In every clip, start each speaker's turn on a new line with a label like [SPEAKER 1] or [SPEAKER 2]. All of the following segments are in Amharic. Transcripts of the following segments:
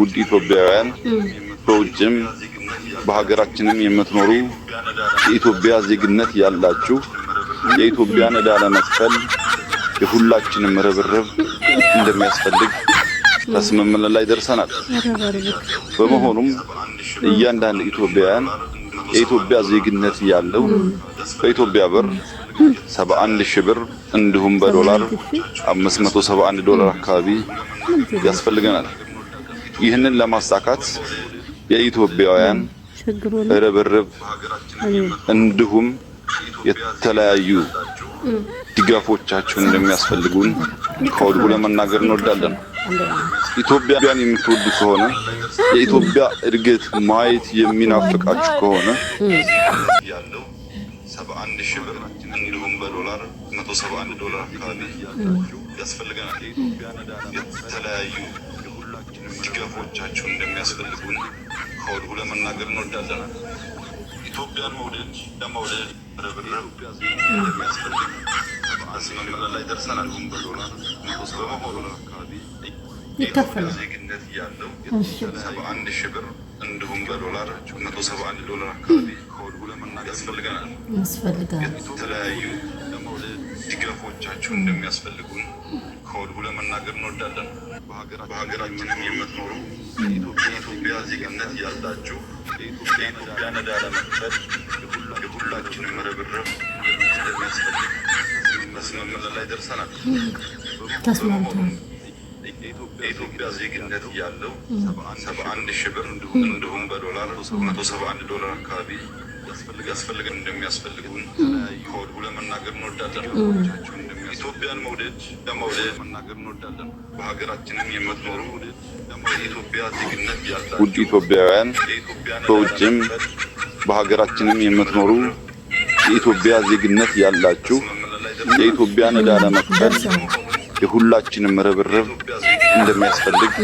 [SPEAKER 1] ውድ ኢትዮጵያውያን በውጭም በሀገራችንም የምትኖሩ የኢትዮጵያ ዜግነት ያላችሁ የኢትዮጵያን ዕዳ ለመክፈል የሁላችንም ርብርብ እንደሚያስፈልግ ስምምነት ላይ ደርሰናል። በመሆኑም እያንዳንድ ኢትዮጵያውያን የኢትዮጵያ ዜግነት ያለው በኢትዮጵያ ብር 71 ሺህ ብር እንዲሁም በዶላር 571 ዶላር አካባቢ ያስፈልገናል። ይህንን ለማሳካት የኢትዮጵያውያን ርብርብ እንዲሁም የተለያዩ ድጋፎቻችሁን እንደሚያስፈልጉን ከወዲሁ ለመናገር እንወዳለን። ኢትዮጵያን የምትወዱ ከሆነ የኢትዮጵያ እድገት ማየት የሚናፍቃችሁ ከሆነ ያለው 71 ሺህ ብር እንዲሁም በዶላር 171 ዶላር አካባቢ ያስፈልገናል። የኢትዮጵያ የተለያዩ እጅ እንደሚያስፈልጉን
[SPEAKER 2] ከወዲሁ ለመናገር እንወዳለን። ኢትዮጵያን መውደድ ለመውደድ ርብርብ እንደሚያስፈልግ ከበአዝ መምራ ላይ ደርሰናል። ወንበዶና ንጉስ በመሆኑ አካባቢ ኢትዮጵያ ዜግነት ያለው ሰባ አንድ ሺህ ብር እንዲሁም በዶላር መቶ ሰባ አንድ ዶላር አካባቢ ከወዲሁ ለመናገር ያስፈልገናል ያስፈልጋል የተለያዩ ለመውደድ ድጋፎቻችሁ እንደሚያስፈልጉን ከወዲሁ ለመናገር እንወዳለን። በሀገራችንም የምትኖሩ የኢትዮጵያ ዜግነት ያላችሁ የኢትዮጵያ ነዳ ለመክፈል የሁላችንም ርብርብ ስለሚያስፈልግ መስመመር ላይ ደርሰናል። የኢትዮጵያ ዜግነት ያለው ሰባ አንድ ሺህ ብር እንዲሁም በዶላር መቶ ሰባ አንድ ዶላር አካባቢ ያስፈልግ
[SPEAKER 1] እንደሚያስፈልጉን ለመናገር እንወዳለን። ኢትዮጵያን መውደድ ለመውደድ መናገር እንወዳለን። በሀገራችንም የምትኖሩ የኢትዮጵያ ዜግነት ያላችሁ ውድ ኢትዮጵያውያን፣ በውጭም በሀገራችንም የምትኖሩ የኢትዮጵያ ዜግነት ያላችሁ የኢትዮጵያን ዕዳ ለመክፈል የሁላችንም ርብርብ እንደሚያስፈልግ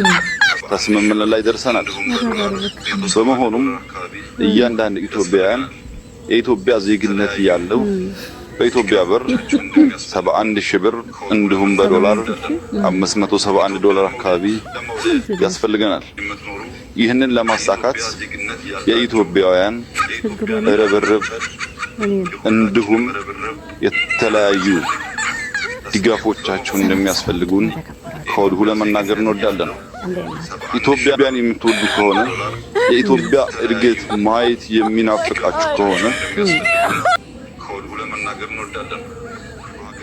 [SPEAKER 1] ከስምምነት ላይ ደርሰናል። በመሆኑም እያንዳንድ ኢትዮጵያውያን የኢትዮጵያ ዜግነት ያለው በኢትዮጵያ ብር 71 ሺህ ብር እንዲሁም በዶላር 571 ዶላር አካባቢ ያስፈልገናል። ይህንን ለማሳካት የኢትዮጵያውያን እርብርብ እንዲሁም የተለያዩ ድጋፎቻቸውን እንደሚያስፈልጉን ከወዲሁ ለመናገር እንወዳለን። ኢትዮጵያን የምትወዱ ከሆነ የኢትዮጵያ እድገት ማየት የሚናፍቃችሁ ከሆነ ለመናገር እንወዳለን።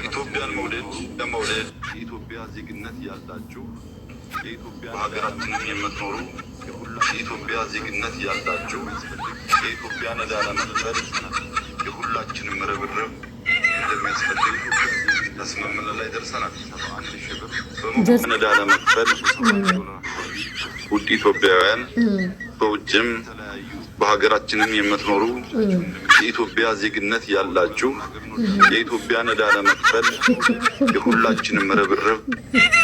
[SPEAKER 1] ኢትዮጵያን መውደድ ለመውደድ የኢትዮጵያ ዜግነት ያላችሁ የኢትዮጵያ የምትኖሩ የኢትዮጵያ ዜግነት ያላችሁ የኢትዮጵያን ዕዳ ለመክፈል የሁላችንም ርብርብ እንደሚያስፈልግ ስምምነት ላይ ደርሰናል። ነዳ ለመክፈል
[SPEAKER 3] ውድ ኢትዮጵያውያን በውጭም በሀገራችንም የምትኖሩ የኢትዮጵያ ዜግነት ያላችሁ የኢትዮጵያን ዕዳ ለመክፈል የሁላችንም ርብርብ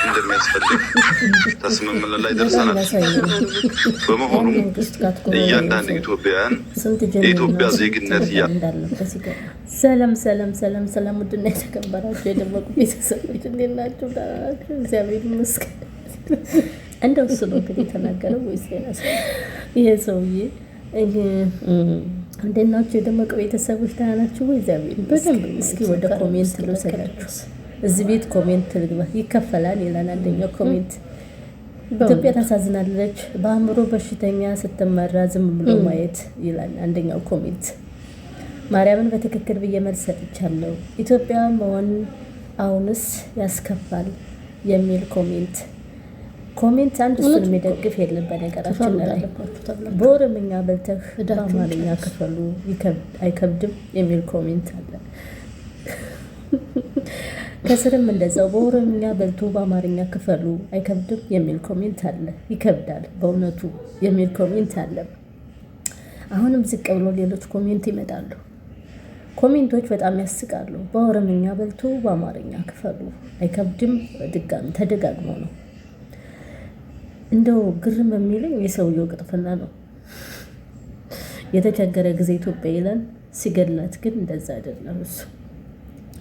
[SPEAKER 3] እንደሚያስፈልግ ተስምምነት ላይ ደርሰናል። በመሆኑም እያንዳንድ ኢትዮጵያውያን የኢትዮጵያ ዜግነት ያ ሰላም ሰላም ሰላም ሰላም። ውድና የተከበራችሁ የደመቁ ቤተሰቦች እንዴት ናችሁ? ደህና ናችሁ? እግዚአብሔር ይመስገን። እንደው እሱ ነው እንግዲህ የተናገረው ወይስ ሌላ ይሄ ሰውዬ እንዴት ናችሁ? የደመቀ ቤተሰቦች ደህና ናችሁ ወይ? እግዚአብሔር በደንብ እስኪ ወደ ኮሜንት ልውሰዳችሁ። እዚህ ቤት ኮሜንት ልግባ። ይከፈላል ይላል አንደኛው ኮሜንት። ኢትዮጵያ ታሳዝናለች፣ በአእምሮ በሽተኛ ስትመራ ዝም ብሎ ማየት ይላል አንደኛው ኮሜንት። ማርያምን በትክክል ብዬ መልስ ሰጥቻለሁ። ኢትዮጵያ መሆን አሁንስ ያስከፋል የሚል ኮሜንት ኮሜንት አንድ እሱን የሚደግፍ የለም። በነገራችን ላይ በልተህ በአማርኛ ክፈሉ አይከብድም የሚል ኮሜንት አለ። ከስርም እንደዛው በኦሮምኛ በልቶ በአማርኛ ክፈሉ አይከብድም የሚል ኮሜንት አለ። ይከብዳል በእውነቱ የሚል ኮሜንት አለ። አሁንም ዝቅ ብሎ ሌሎች ኮሜንት ይመጣሉ። ኮሜንቶች በጣም ያስቃሉ። በኦሮምኛ በልቶ በአማርኛ ክፈሉ አይከብድም፣ ድጋሚ ተደጋግሞ ነው እንደው ግርም የሚለኝ የሰውየው ቅጥፍና ነው። የተቸገረ ጊዜ ኢትዮጵያ ይላል፣ ሲገላት ግን እንደዛ አይደለም እሱ።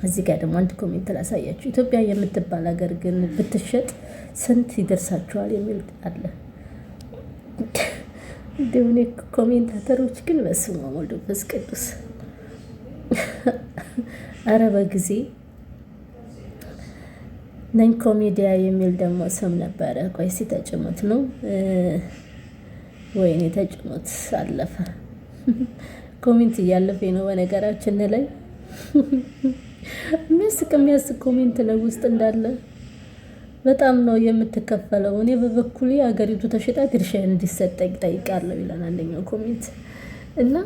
[SPEAKER 3] እዚህ ጋር ደግሞ አንድ ኮሜንት ላሳያችሁ። ኢትዮጵያ የምትባል ሀገር ግን ብትሸጥ ስንት ይደርሳችኋል የሚል አለ። እንደሆነ ኮሜንታተሮች ግን በስመ አብ ወወልድ ወመንፈስ ቅዱስ አረበ ጊዜ ነኝ ኮሜዲያ የሚል ደግሞ ስም ነበረ። ቆይ እስኪ ተጭኑት ነው ወይኔ ተጭኑት አለፈ። ኮሜንት እያለፈ ነው በነገራችን ላይ የሚያስቅ የሚያስቅ ኮሜንት ነው ውስጥ እንዳለ በጣም ነው የምትከፈለው። እኔ በበኩሌ ሀገሪቱ ተሽጣ ድርሻ እንዲሰጠኝ ጠይቃለሁ ይላል አንደኛው ኮሜንት እና